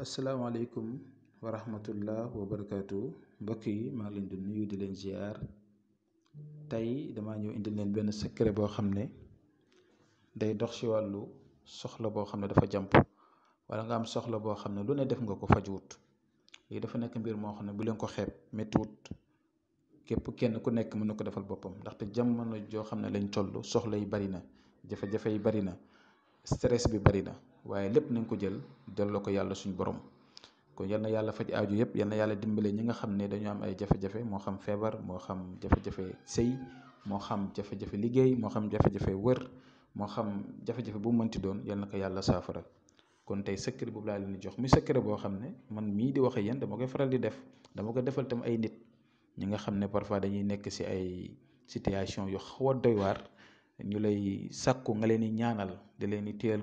asalaamaaleykum wa rahmatullah wa barakaatu mbokk yi maa ngi leen di nuyu di leen ziar tey damaa ñëw indil leen benn secret boo xam ne day dox ci wàllu soxla boo xam ne dafa jàmp walla nga am soxla boo xam ne lu ne def nga ko fajuwut lii dafa nekk mbir moo xam ne bu leen ko xeeb méttiwut képp kenn ku nekk mën na ko defal boppam ndaxte na joo xam ne lañ toll soxla yi bari na jafe-jafe yi bari na stress bi bari na. waaye lépp nañ ko jël delloo ko yàlla suñu borom kon yal na yàlla faj aaju yëpp yal na yàlla dimbale ñi nga xam ne dañoo am ay jafe-jafe moo xam feebar moo xam jafe-jafe sëy moo xam jafe-jafe liggéey moo xam jafe-jafe wër moo xam jafe-jafe bu mënti doon yal na ko yàlla saafara kon tey secret boobu laa leen jox muy secret boo xam ne man mii di wax ak yéen dama koy faral di def dama ko defal tam ay nit ñi nga xam ne parfois dañuy nekk si ay situation yu xaw a doy waar ñu lay sakku nga leen di ñaanal di leen di téyal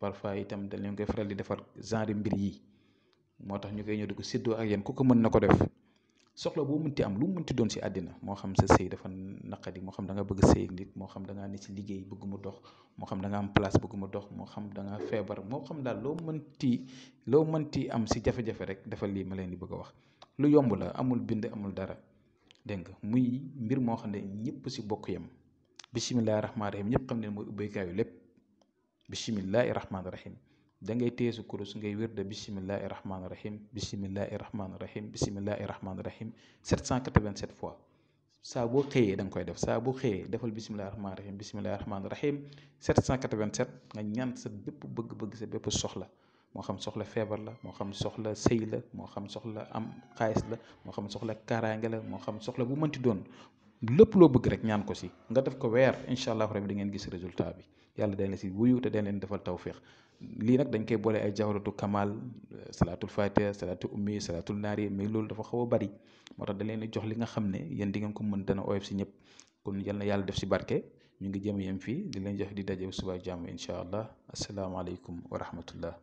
parfois itam dañ leen koy faral di defar genre mbir yi moo tax ñu koy ñëw di ko séddoo ak yéen ku ko mën na ko def soxla boo mënti am lu mënti doon si àddina moo xam sa sëy dafa naqadi moo xam da nga bëgg sëy nit moo xam da ngaa ne si liggéey bëgg mu dox moo xam da am place bëgg mu dox moo xam da nga feebar moo xam daal loo mënti loo mënti am si jafe-jafe rek dafa lii ma leen di bëgg wax lu yomb la amul bind amul dara dégg nga muy mbir moo xam ne ñëpp si bokk yam bisimilah rahmaan rahim ñëpp xam ne mooy lépp bisimillahi rahmaani rahim da ngay téye sa kurus ngay wér de bisimillahi rahmaani rahim bisimillahi rahmaani rahim bisimillahi rahmaani rahim 787 fois saa boo xëyee da nga koy def saa boo xëyee defal bisimillahi rahmaani rahim bisimillahi rahmaani rahim 787 nga ñaan sa bépp bëgg-bëgg sa bépp soxla moo xam soxla feebar la moo xam soxla sëy la moo xam soxla am xaalis la moo xam soxla kaaraange la moo xam soxla bu mënti doon lépp loo bëgg rek ñaan ko si nga def ko weer incha allah rabbi di ngeen gis résultat bi yàlla dañ la si wuyu te dañ leen defal tawféex lii nag dañ koy boole ay jawaratu kamal eh, salaatul fatiha salaatul ummi salaatul naari mais loolu dafa xaw a bari moo tax dañ leen di jox li nga xam ne yéen di ngeen ko mën dana oyof si ñëpp kon yal yàlla def si barke ñu ngi jëm yem fii di leen jox di daje suba jàmm incha allah asalaamaaleykum wa rahmatullah